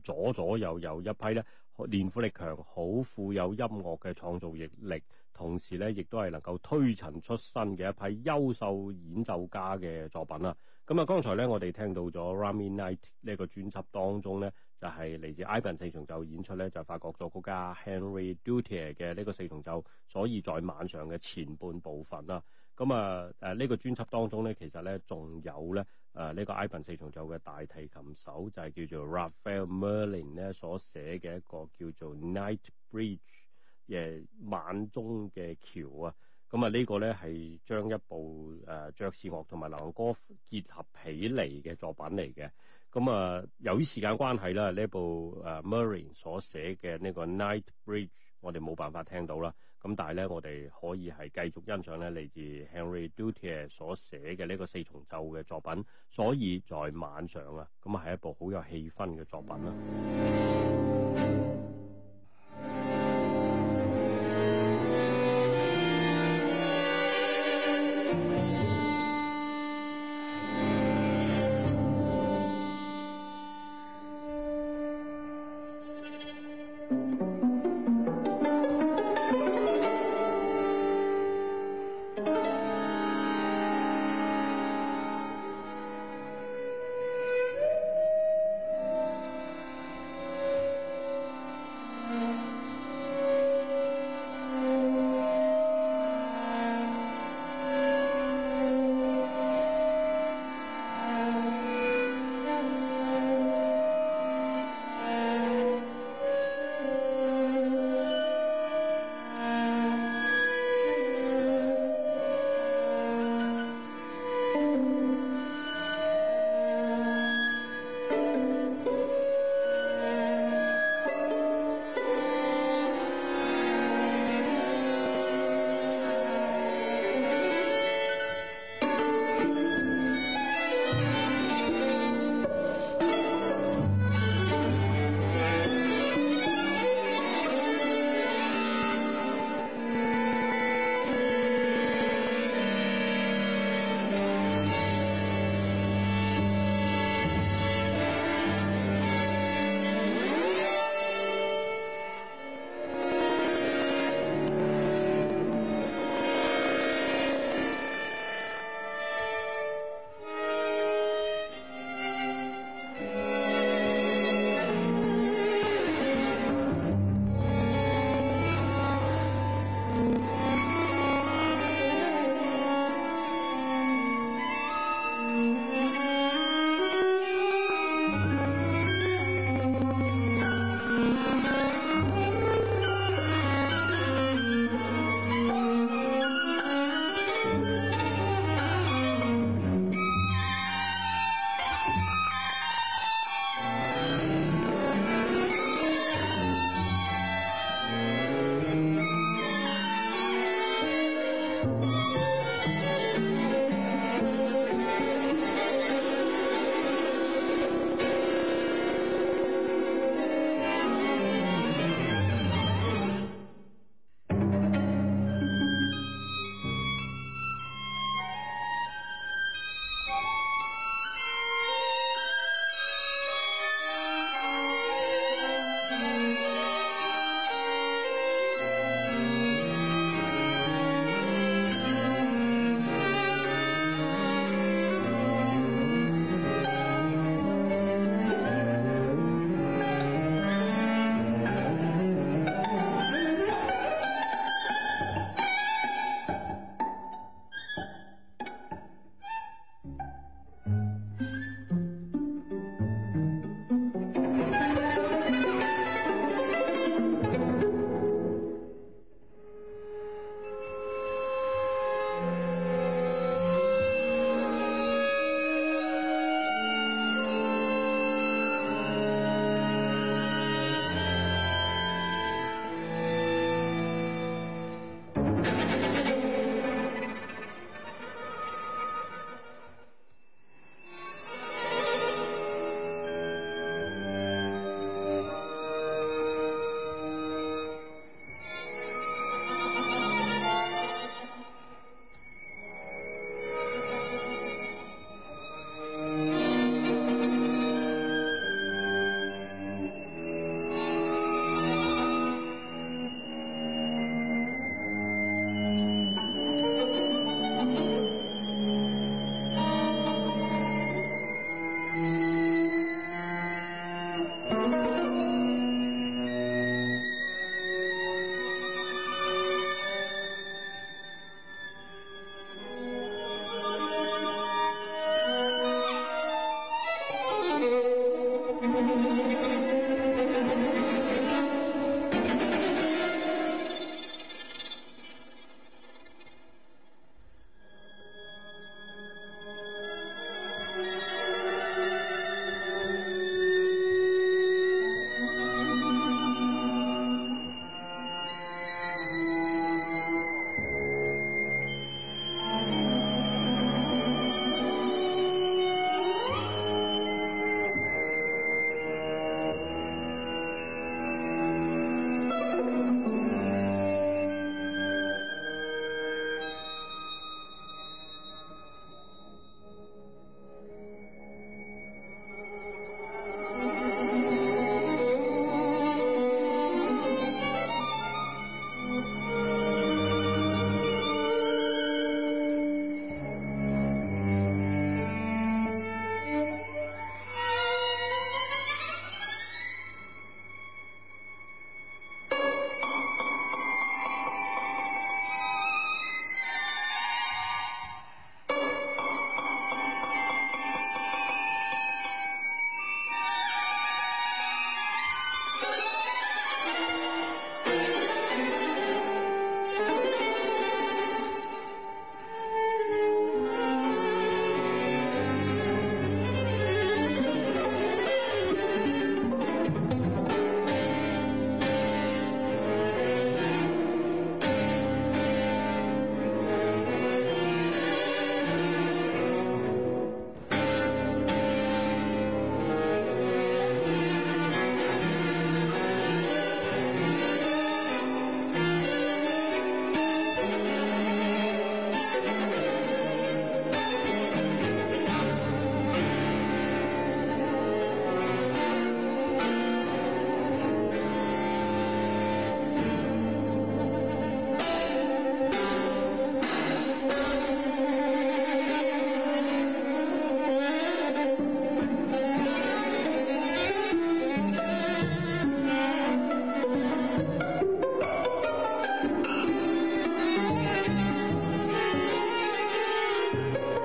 左左右右一批咧，年富力強，好富有音樂嘅創造力，同時咧亦都係能夠推陳出新嘅一批優秀演奏家嘅作品啦。咁啊，剛才咧我哋聽到咗《Ramin Night》呢一個專輯當中咧。就係嚟自 Ivan 四重奏演出咧，就是、發覺咗國家 Henri Dutilleux 嘅呢個四重奏，所以在晚上嘅前半部分啦。咁啊誒呢、啊這個專輯當中咧，其實咧仲有咧誒呢個 Ivan 四重奏嘅大提琴手就係、是、叫做 Raphael Merlin 咧所寫嘅一個叫做 Night Bridge、啊、晚鐘嘅橋啊。咁啊、這個、呢個咧係將一部誒、啊、爵士樂同埋流行歌結合起嚟嘅作品嚟嘅。咁啊，由於時間關係啦，呢部 Murray 所寫嘅呢個《Night Bridge》，我哋冇辦法聽到啦。咁但係咧，我哋可以係繼續欣賞咧嚟自 Henry Dutilleux 所寫嘅呢個四重奏嘅作品。所以在晚上啊，咁啊係一部好有氣氛嘅作品啦。